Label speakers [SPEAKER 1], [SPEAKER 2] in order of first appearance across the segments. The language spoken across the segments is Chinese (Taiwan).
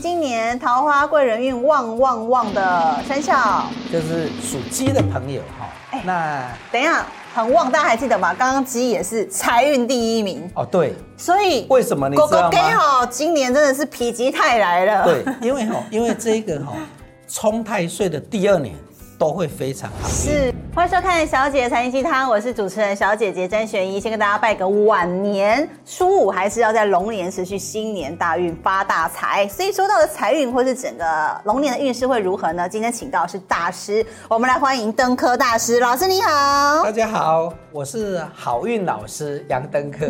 [SPEAKER 1] 今年桃花貴人運旺旺旺旺的生肖，
[SPEAKER 2] 就是屬雞的朋友哈。
[SPEAKER 1] 欸、那等一下很旺，大家還記得嗎？剛剛雞也是財運第一名
[SPEAKER 2] 哦，對，所以為什麼你知道嗎？國
[SPEAKER 1] 國今年真的是否極泰來了。對， 因為哈，
[SPEAKER 2] 因為這個哈，沖太歲的第二年都會非常好。是。
[SPEAKER 1] 歡迎收看《小姐財經雞湯》，我是主持人小姐姐詹璇依。先跟大家拜個晚年。初五還是要在龍年持續新年大運發大財，所以說到的財運或是整個龍年的運勢會如何呢？今天請到的是大師，我們來歡迎登科大師老師，你好，大家
[SPEAKER 2] 好，我是好運老師楊登科。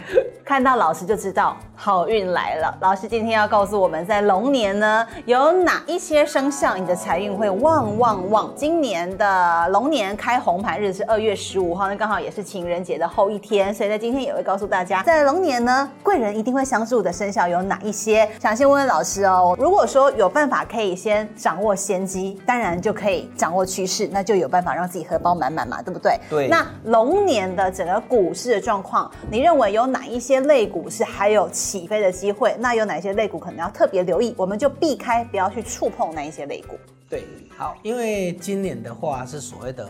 [SPEAKER 1] 看到老師就知道好運來了。老師今天要告訴我們在龍年呢，有哪一些生肖你的財運會旺旺旺旺？今年的龍年開紅盤日是二月十五號，那剛好也是情人節的後一天，所以在今天也會告訴大家，在龍年呢，貴人一定會相助的生肖有哪一些？想先問問老師哦。如果說有辦法可以先掌握先機，當然就可以掌握趨勢，那就有辦法讓自己荷包滿滿嘛，對不對？對。那龍年的整個股市的狀況，你認為有哪一些？類股是還有起飛的機會，那有哪一些類股可能要特別留意？我們就避開，不要去觸碰那一些類股。
[SPEAKER 2] 對，好，因為今年的話是所謂的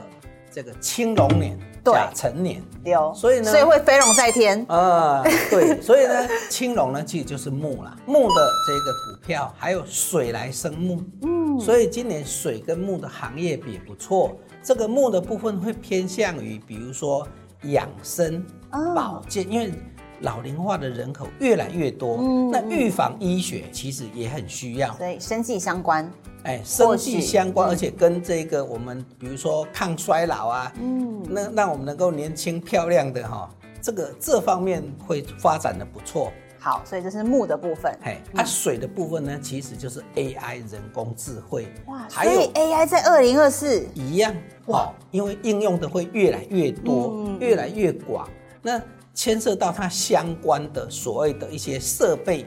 [SPEAKER 2] 這個青龍年，對甲辰年，有所以呢，所以會
[SPEAKER 1] 飛龍在天啊、
[SPEAKER 2] 呃，對， 所以呢，青龍呢其實就是木啦。木的這個股票還有水來生木，嗯，所以今年水跟木的行業比不錯，這個木的部分會偏向於比如說養生、保健，嗯、因為。老齡化的人口越來越多，那預防醫學其實也很需要，
[SPEAKER 1] 對，生技相關。
[SPEAKER 2] 哎，生技相關，而且跟這個我們比如說抗衰老啊，嗯，那那我們能夠年輕漂亮的哈，這個這方面會發展得不錯。好，所以這是木的部分，嘿，那水的部分呢，其實就是 A I 人工智慧。哇，所以 A I 在二零二四一樣，哇，因為應用的會越來越多，越來越廣，那。牽涉到它相關的所謂的一些設備，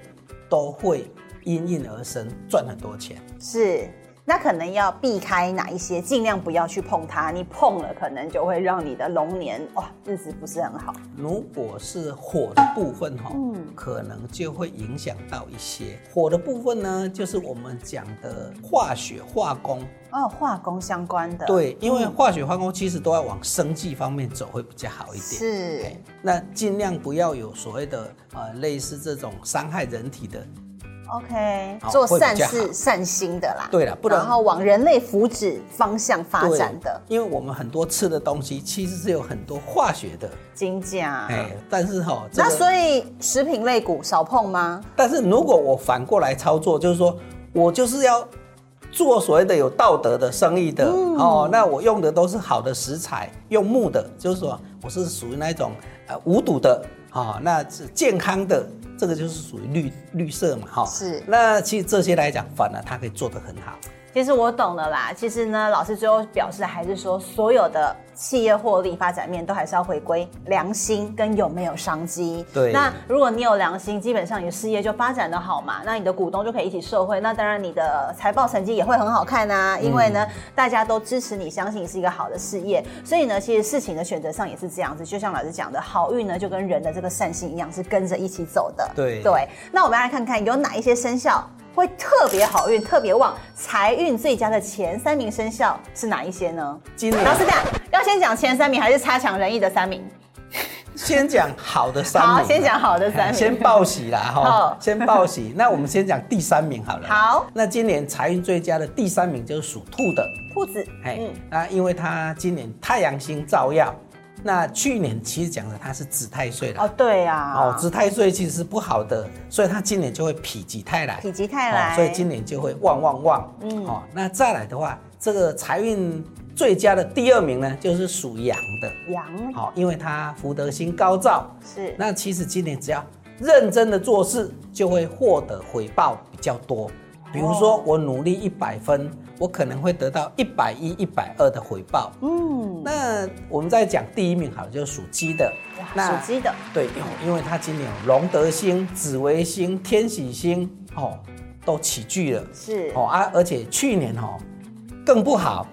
[SPEAKER 2] 都會應運而生，賺很多錢。
[SPEAKER 1] 是。那可能要避開哪一些，盡量不要去碰它。你碰了，可能就會讓你的龍年哇、哦，日子不是
[SPEAKER 2] 很好。如果是火的部分哈，嗯，可能就會影響到一些火的部分呢。就是我們講的化學化工
[SPEAKER 1] 哦，化工相關的。對，因
[SPEAKER 2] 為化學化工其實都要往生技方面走，會比較好一點。是，okay, 那盡量不要有所謂的呃，類似這種傷害人體的。
[SPEAKER 1] OK，做善事、善心的啦。對啦，不能然後往人類福祉方向發展的，
[SPEAKER 2] 嗯。因為我們很多吃的東西其實是有很多化學的、
[SPEAKER 1] 精製的。哎，欸，
[SPEAKER 2] 但是哈，喔，這個，那所
[SPEAKER 1] 以食品類股少碰嗎？
[SPEAKER 2] 但是如果我反過來操作，就是說我就是要做所謂的有道德的生意的哦，嗯喔，那我用的都是好的食材，用木的，就是說我是屬於那種呃無毒的啊，喔，那是健康的。這個就是屬於綠綠色嘛，哈，是。那其實這些來講，反而它可以做得很好。
[SPEAKER 1] 其實我懂了啦。其實呢，老師最後表示，還是說，所有的企業獲利發展面都還是要回歸良心跟有沒有商機。對。那如果你有良心，基本上你的事業就發展得好嘛。那你的股東就可以一起受惠，那當然你的財報成績也會很好看啊。因為呢，嗯、大家都支持你，相信你是一個好的事業。所以呢，其實事情的選擇上也是這樣子。就像老師講的，好運呢就跟人的這個善心一樣，是跟着一起走的。對，對。那我們來看看有哪一些生肖會特別好運、特別旺、財運最佳的前三名生肖是哪一些呢？今年，是這樣，要先講前三名還是差強人意的三名？
[SPEAKER 2] 先講好的三名。好，先講好的三名。先報喜啦哈！好先報喜。那我們先講第三名好了。好，那今年財運最佳的第三名就是屬兔的兔子。那因為它今年太陽星照耀。那去年其實講的它，是子太歲了
[SPEAKER 1] 哦，對啊哦，子太
[SPEAKER 2] 歲其實是不好的，所以它今年就會否極泰來，否
[SPEAKER 1] 極泰來、哦，所以
[SPEAKER 2] 今年就會旺旺旺，嗯，好、哦，那再來的話，這個財運最佳的第二名呢，就是屬羊的羊，好、哦，因為它福德星高照，是，那其實今年只要認真的做事，就會獲得回報比較多。比如說我努力一百分，我可能會得到一百一、一百二的回報。
[SPEAKER 1] 嗯，那
[SPEAKER 2] 我們再講第一名，好，就屬雞的。屬雞哇那的。對，因為他今年有龍德星、紫微星、天喜星哦，都齊聚了。是。哦啊，而且去年哦，更不好。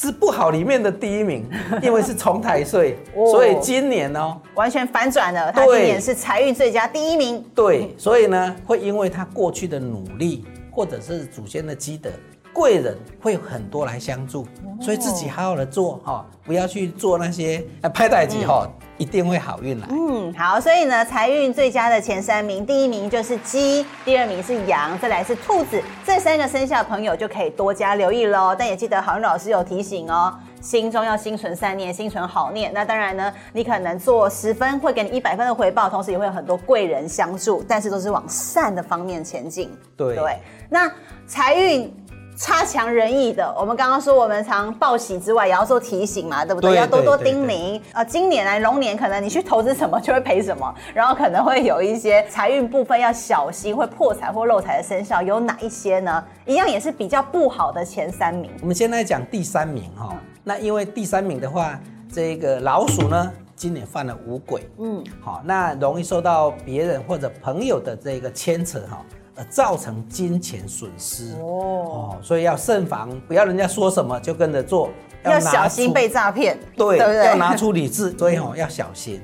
[SPEAKER 2] 是不好裡面的第一名，因為是沖太歲， 哦、所以今年呢、哦、完全反轉了。對他今年是
[SPEAKER 1] 財運最佳第一名。
[SPEAKER 2] 對，嗯、所以呢會因為他過去的努力，或者是祖先的積德，貴人會很多來相助，哦、所以自己好好的做、哦、不要去做那些拍太極哈。一定會好運來。
[SPEAKER 1] 嗯，好，所以呢，財運最佳的前三名，第一名就是雞，第二名是羊，再來是兔子。這三個生肖的朋友就可以多加留意嘍。但也記得好運老師有提醒哦，心中要心存善念，心存好念。那當然呢，你可能做十分，會給你一百分的回報，同時也會有很多貴人相助，但是都是往善的方面前進。對，對，那財運。差強人意的，我們剛剛說我們常報喜之外，也要做提醒嘛，對不對？對，要多多叮嚀啊、呃！今年來龍年，可能你去投資什麼就會賠什麼，然後可能會有一些財運部分要小心，會破財或漏財的生肖。有哪一些呢？一樣也是比較不好的前三名。我
[SPEAKER 2] 們先來講第三名哈、嗯哦，那因為第三名的話，這個老鼠呢，今年犯了五鬼，嗯，好，哦，那容易受到別人或者朋友的這個牽扯哈、哦。造成金錢損失，oh. 哦，所以要慎防，不要人家說什麼就跟着做，要，要小心被
[SPEAKER 1] 詐騙，對，對對要拿
[SPEAKER 2] 出理智，所以，哦、 要小心。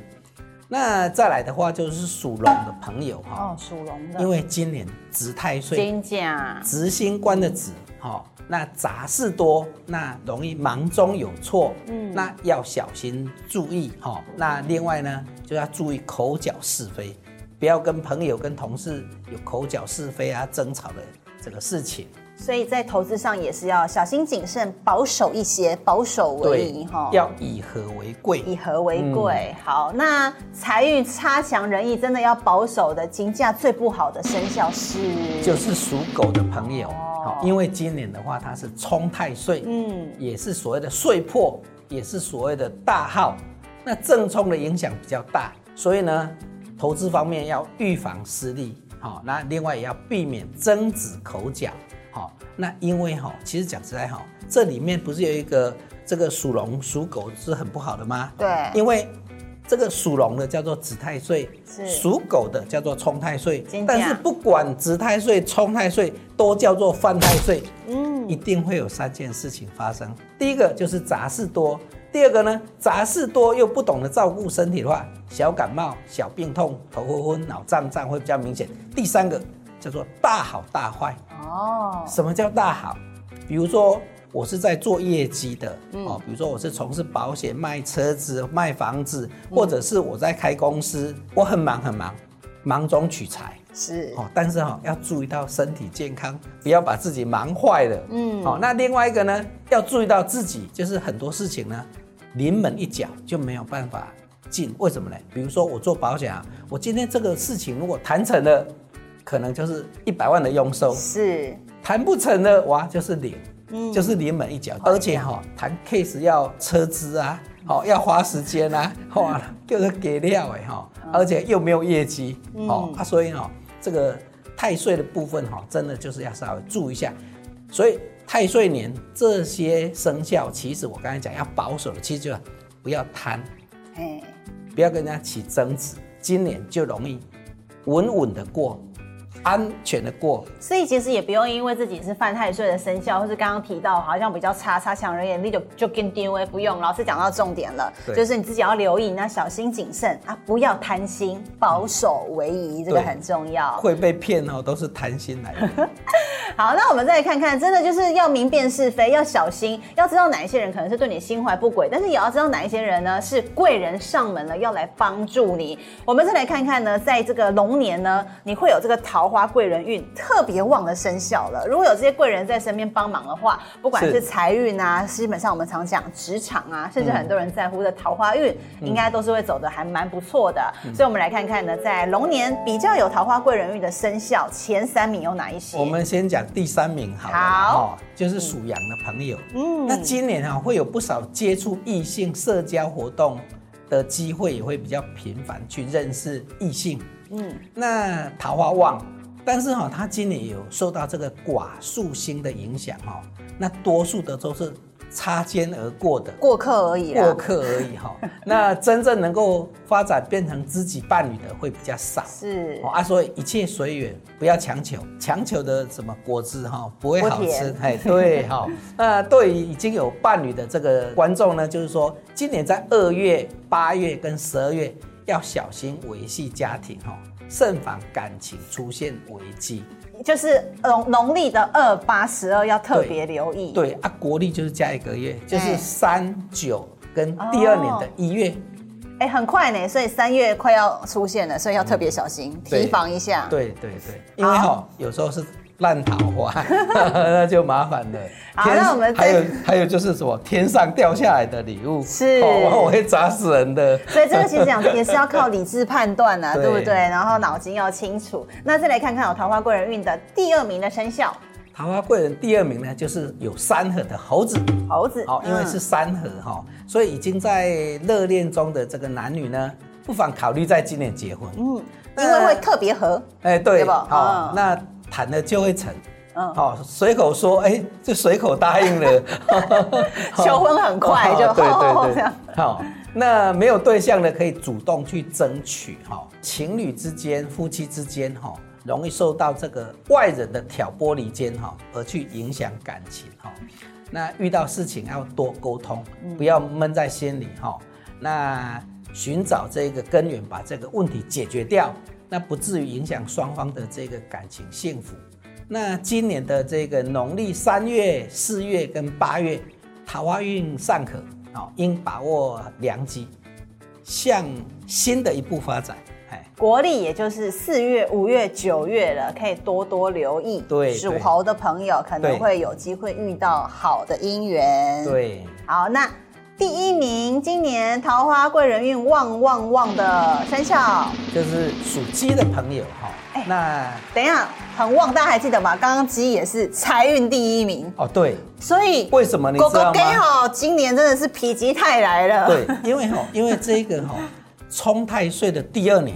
[SPEAKER 2] 那再來的話就是屬龍的朋友哈，哦
[SPEAKER 1] ，oh, 屬龍的，因為
[SPEAKER 2] 今年值太歲，金
[SPEAKER 1] 甲值
[SPEAKER 2] 星官的值哈，哦，那雜事多，那容易忙中有錯，嗯， 那要小心注意哈、哦。那另外呢，就要注意口角是非。不要跟朋友、跟同事有口角是非啊、爭吵的這個事情。
[SPEAKER 1] 所以，在投資上也是要小心謹慎、保守一些，保守為宜哈。對哦、要
[SPEAKER 2] 以和為貴，以和為貴。嗯、
[SPEAKER 1] 好，那財運差強人意，真的要保守的金價。最不好的生肖是，就
[SPEAKER 2] 是屬狗的朋友，哦、因為今年的話他，它、嗯、是沖太歲，嗯，也是所謂的歲破，也是所謂的大耗。那正沖的影響比較大，所以呢。投資方面要預防失利，好，那另外也要避免爭執口角，好，那因為其實講實在哈，這裡面不是有一個這個屬龍屬狗是很不好的嗎？對，因為這個屬龍的叫做值太歲，是屬狗的叫做沖太歲，訝但是不管值太歲沖太歲都叫做犯太歲，嗯，一定會有三件事情發生，第一個就是雜事多。第二個呢，雜事多又不懂得照顧身體的話，小感冒、小病痛、頭昏昏、腦脹脹會比較明顯。第三個叫做大好大壞哦。什麼叫大好？比如說我是在做業績的哦，嗯、比如說我是從事保險、賣車子、賣房子，或者是我在開公司，嗯、我很忙很忙，忙中取財是，是哦。但是哈，要注意到身體健康，不要把自己忙壞了。嗯。哦，那另外一個呢，要注意到自己就是很多事情呢。臨門一腳就沒有辦法進，為什麼呢？比如說我做保險啊，我今天這個事情如果談成了，可能就是一百萬的佣收；是談不成了，哇，就是零，嗯、就是臨門一腳。好而且哈、哦，談 case 要車資啊，好、哦、要花時間啊，嗯、哇，就是給料哎哈、哦，嗯、而且又沒有業績、嗯、哦啊，所以呢、哦，這個太歲的部分哈、哦，真的就是要稍微注意一下，所以。太歲年這些生肖，其實我剛才講要保守的其實就不要貪，欸、不要跟人家起爭執，今年就容易穩穩的過，安全的過。
[SPEAKER 1] 所以其實也不用因為自己是犯太歲的生肖，或是剛剛提到好像比較差，差強人意，那就就跟定位不用。老師講到重點了，對就是你自己要留意，那小心謹慎啊，不要貪心，保守為宜，這個很重要。
[SPEAKER 2] 會被騙哦，都是貪心來的。
[SPEAKER 1] 好，那我們再來看看，真的就是要明辨是非，要小心，要知道哪一些人可能是對你心懷不軌，但是也要知道哪一些人呢是貴人上門了，要來幫助你。我們再來看看呢，在這個龍年呢，你會有這個桃花貴人運特別旺的生肖了。如果有這些貴人在身邊幫忙的話，不管是財運啊，是基本上我們常講職場啊，甚至很多人在乎的桃花運，嗯、應該都是會走的還蠻不錯的。嗯、所以，我們來看看呢，在龍年比較有桃花貴人運的生肖前三名有哪一些？我
[SPEAKER 2] 們先。講第三名好，了好，好、哦，就是屬羊的朋友。嗯，那今年哈、哦、會有不少接觸異性社交活動的機會，也會比較頻繁去認識異性。嗯，那桃花旺，但是哈、哦、他今年有受到這個寡宿星的影響、哦、那多數的都是。擦肩而過的
[SPEAKER 1] 過客而已，過客而已
[SPEAKER 2] 哈、哦。 那真正能夠發展變成知己伴侶的會比較少。是，哦、啊，所以一切隨緣，不要強求，強求的什麼果汁哈、哦，不會好吃，哎甜，對哈、哦。那、 啊、對於已經有伴侶的這個觀眾呢，就是說今年在二月、八月跟十二月要小心維繫家庭哈、哦，慎防感情出現危機。就是農農曆的二八十二要特別留意。對，對啊，國曆就是加一個月，欸、就是三九跟第二年的一月。哎、
[SPEAKER 1] 哦欸，很快呢，所以三月快要出現了，所以要特別小心、嗯、提防一下。
[SPEAKER 2] 對對對，因為哈，好有時候是。爛桃花，那就麻煩了。好，那我們還有還有就是什麼天上掉下來的禮物，是，哦，我會砸死人的。所以這個其實講也是要靠理
[SPEAKER 1] 智判斷啊，對不對？然後腦筋要清楚。那再來看看有桃花貴人運的第二名的生肖。
[SPEAKER 2] 桃花貴人第二名呢，就是有三合的猴子。猴子，好，因為是三合哈，所以已經在熱戀中的這個男女呢，不妨考慮在今年結婚。
[SPEAKER 1] 嗯，因為會特別合。
[SPEAKER 2] 哎，對，對吧，好，那。談了就會成，嗯、哦，好隨口說，哎、欸，就隨口答應了，
[SPEAKER 1] 求婚很快就，對對、 哦、對，
[SPEAKER 2] 好、哦，那沒有對象的可以主動去爭取，哈、哦，情侶之間、夫妻之間，哈、哦，容易受到這個外人的挑撥離間，哈、哦，而去影響感情，哈、哦，那遇到事情要多溝通，嗯、不要悶在心裡，哈、哦，那。尋找這個根源，把這個問題解決掉，那不至於影響雙方的這個感情幸福。那今年的這個農曆三月、四月跟八月，桃花運尚可，哦，應把握良機，向新的一步發展。
[SPEAKER 1] 國曆也就是四月、五月、九月了，可以多多留意。對，屬猴的朋友可能會有機會遇到好的姻緣。對，好那。第一名，今年桃花貴人運旺旺旺的生肖，
[SPEAKER 2] 就是屬雞的朋友哈。哎、
[SPEAKER 1] 欸，那等一下很旺，大家還記得嗎？剛剛雞也是財運第一名
[SPEAKER 2] 哦，對，所以為什麼你狗狗給哈？
[SPEAKER 1] 今年真的是否極泰來了。對，
[SPEAKER 2] 因為哈，因為這個哈，沖太歲的第二年。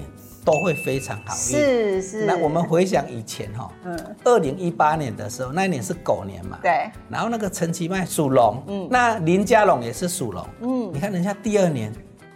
[SPEAKER 2] 都會非常好運，是是。那我們回想以前哈、喔，嗯，二零一八年的時候，那一年是狗年嘛，對、嗯。然後那個陳其邁屬龍，嗯，那林佳龍也是屬龍，嗯。你看人家第二年，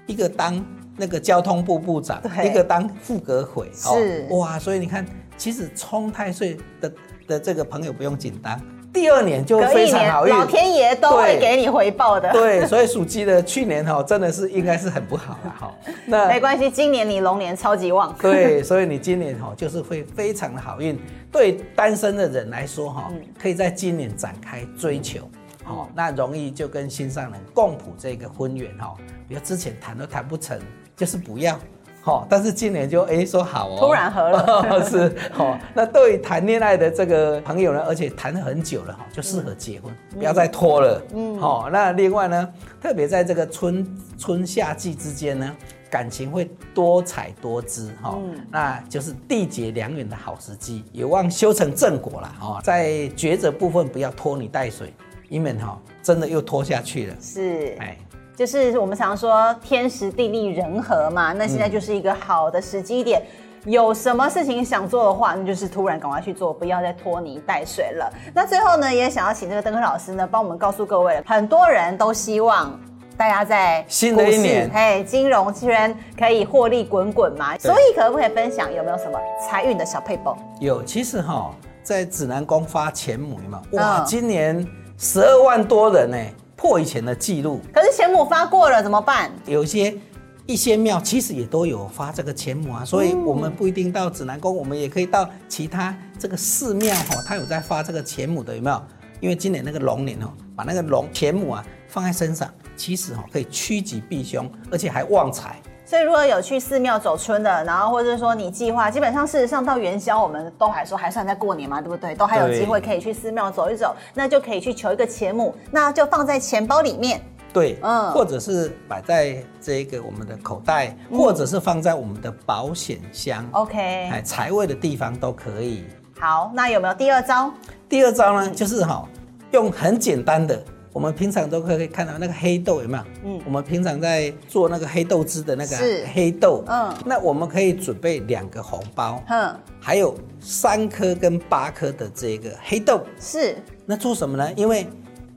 [SPEAKER 2] 一個當那個交通部部長，對一個當副閣揆是、喔，哇。所以你看，其實沖太歲的的這個朋友不用緊張。第二年就非常好運，老天爺都會給你
[SPEAKER 1] 回報的。對，對，所以
[SPEAKER 2] 屬雞的去年哈、喔、真的是應該是很不好了哈、喔。
[SPEAKER 1] 那沒關係，今年你龍年超級旺。 對，
[SPEAKER 2] 所以你今年哈、喔、就是會非常的好運。對單身的人來說哈、喔，嗯、可以在今年展開追求，好、嗯喔、那容易就跟心上人共譜這個婚緣哈、喔。比如之前談都談不成，就是不要。好，但是今年就哎說好哦，突然合了 是，好，那對談戀愛的這個朋友呢，而且談了很久了哈，就適合結婚，嗯、不要再拖了。嗯，好，那另外呢，特別在這個春春夏季之間呢，感情會多彩多姿哈，嗯、那就是締結良緣的好時機，有望修成正果了哈。在抉擇部分不要拖泥帶水，以免哈真的又拖下去了。是，哎。
[SPEAKER 1] 就是我們常常說天時地利人和嘛，那現在就是一個好的時機點。嗯、有什麼事情想做的話，那就是突然趕快去做，不要再拖泥帶水了。那最後呢，也想要請這個登嵙老師呢，幫我們告訴各位，很多人都希望大家在新的一年，金融圈可以獲利滾滾滾嘛。對所以可不可以分享有沒有什麼財運的小配本？
[SPEAKER 2] 有，其實哈、哦，在指南宮發錢母嘛，哇，嗯、今年十二萬多人呢。破以前的記錄，可是錢母發過了怎麼辦？有一些一些廟其實也都有發這個錢母啊，所以我們不一定到指南宮，我們也可以到其他這個寺廟喔，他有在發這個錢母的有沒有？因為今年那個龍年哦，把那個龍錢母啊放在身上，其實哦可以趨吉避凶，而且還旺財。
[SPEAKER 1] 所以如果有去寺廟走春的，然後或者說你計劃，基本上事實上到元宵，我們都還說還算在過年嘛，對不對？都還有機會可以去寺廟走一走，對那就可以去求一個錢母，那就放在錢包裡面，
[SPEAKER 2] 對，嗯，或者是擺在這個我們的口袋，嗯、或者是放在我們的保險箱
[SPEAKER 1] ，OK，哎，
[SPEAKER 2] 財、嗯、位的地方都可以。好，那有沒有第二招？第二招呢，嗯、就是哈、哦，用很簡單的。我們平常都可以看到那個黑豆有沒有？嗯，我們平常在做那個黑豆汁的那個黑豆，是嗯，那我們可以準備兩個紅包，嗯，還有三顆跟八顆的這個黑豆，是。那做什麼呢？因為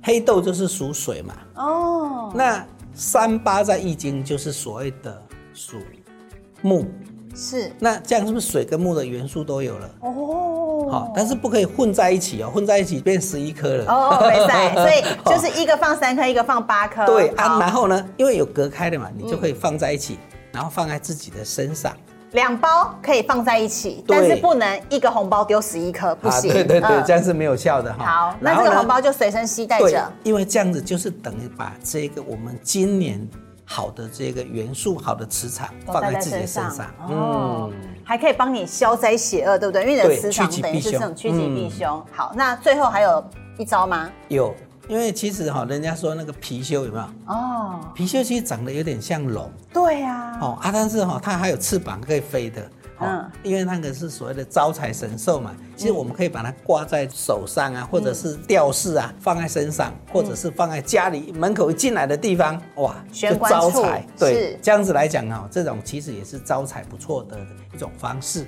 [SPEAKER 2] 黑豆就是屬水嘛。
[SPEAKER 1] 哦。那
[SPEAKER 2] 三八在易經就是所謂的屬木，是。那這樣是不是水跟木的元素都有
[SPEAKER 1] 了？哦。好、哦，但是
[SPEAKER 2] 不可以混在一起哦，混在一起變十一顆了。哦，沒在，所以就是一
[SPEAKER 1] 個放三顆，哦、一個放八顆。對好啊，然後呢，
[SPEAKER 2] 因為有隔開的嘛，你就可以放在一起，嗯、然後放在自己的身上。
[SPEAKER 1] 兩包可以放在一起，對但是不能一個紅包丟十一顆，不行、啊。對對對，嗯、這樣
[SPEAKER 2] 是沒有效的哈。好，那這個紅包
[SPEAKER 1] 就隨身攜帶着。
[SPEAKER 2] 對，因為這樣子就是等於把這個我們今年。好的這個元素，好的磁場放在，在自己的身上，哦，嗯、
[SPEAKER 1] 還可以幫你消災解厄，對不對？因為人磁場等於是這種趨吉避凶。嗯、好，那最後還有一招嗎？
[SPEAKER 2] 有，因為其實哈，人家說那個貔貅有沒有？哦，貔貅其實長得有點像龍。對呀、啊。哦啊，但是哈，它還有翅膀可以飛的。嗯、哦，因為那個是所謂的招財神獸嘛，其實我們可以把它掛在手上啊，或者是吊飾啊，放在身上，或者是放在家裡門口一進來的地方，哇，就招財，對，是這樣子來講啊，這種其實也是招財不錯的一種方式。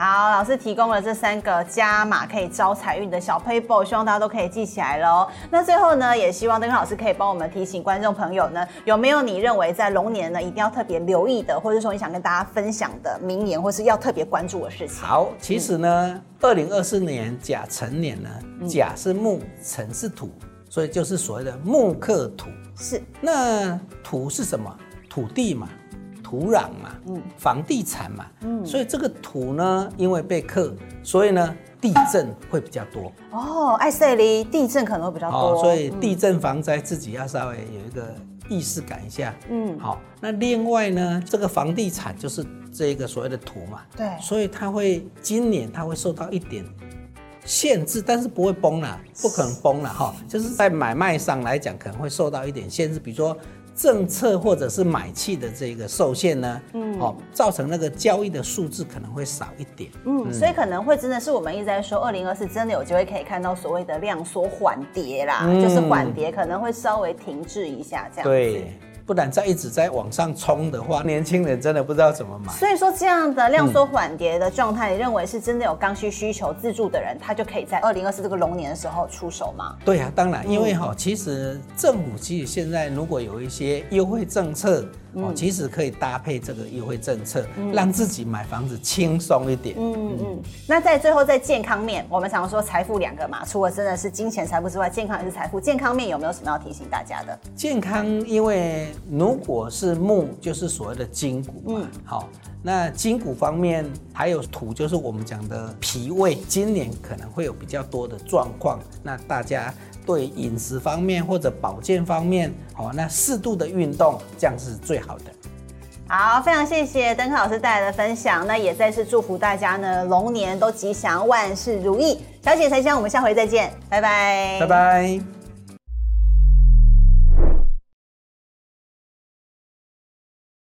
[SPEAKER 1] 好，老師提供了這三個加碼可以招財運的小 paper，希望大家都可以記起來嘍。那最後呢，也希望登嵙老師可以幫我們提醒觀眾朋友呢，有沒有你認為在龍年呢一定要特別留意的，或者說你想跟大家分享的明年或是要特別關注的事情。
[SPEAKER 2] 好，其實呢，二零二四年甲辰年呢，甲是木，辰是土，所以就是所謂的木剋土。是，那土是什麼？土地嘛。土壤嘛，嗯，房地產嘛，嗯，所以這個土呢，因為被克，所以呢，地震會比較多。
[SPEAKER 1] 哦，埃塞林地震可能會比較多，哦、所以地
[SPEAKER 2] 震防災自己要稍微有一個意識感一下。嗯，好、哦，那另外呢，這個房地產就是這個所謂的土嘛，對，所以它會今年它會受到一點限制，但是不會崩了，不可能崩了哈、哦。就是在買賣上來講，可能會受到一點限制，比如說。政策或者是買氣的這個受限呢，嗯，哦，造成那個交易的數字可能會少一點，嗯，嗯，所以
[SPEAKER 1] 可能會真的是我們一直在說，二零二四真的有機會可以看到所謂的量縮緩跌啦，嗯，就是緩跌可能會稍微停滯一下這樣子。對。
[SPEAKER 2] 不然再一直在往上衝的話，年輕人真的不知道怎麼買。所
[SPEAKER 1] 以說，這樣的量縮緩跌的狀態，嗯、你認為是真的有剛需需求，自住的人，他就可以在二零二四這個龍年的時候出手嗎？
[SPEAKER 2] 對呀、啊，當然，因為哈、哦，嗯、其實政府其實現在如果有一些優惠政策。哦，其實可以搭配這個優惠政策，嗯、讓自己買房子輕鬆一點。嗯嗯。嗯，
[SPEAKER 1] 那在最後，在健康面，我們常常說財富兩個嘛，除了真的是金錢財富之外，健康也是財富。健康面有沒有什麼要提醒大家的？
[SPEAKER 2] 健康，因為如果是木，就是所謂的筋骨嘛。好、嗯哦，那筋骨方面還有土，就是我們講的脾胃，今年可能會有比較多的狀況，那大家。對飲食方面或者保健方面，那適度的運動，這樣是最好的。好，非常
[SPEAKER 1] 謝謝楊登嵙老師帶來的分享，那也再次祝福大家呢，龍年都吉祥，萬事如意。小姐姐的財經基，我們下回再見，拜拜，拜拜。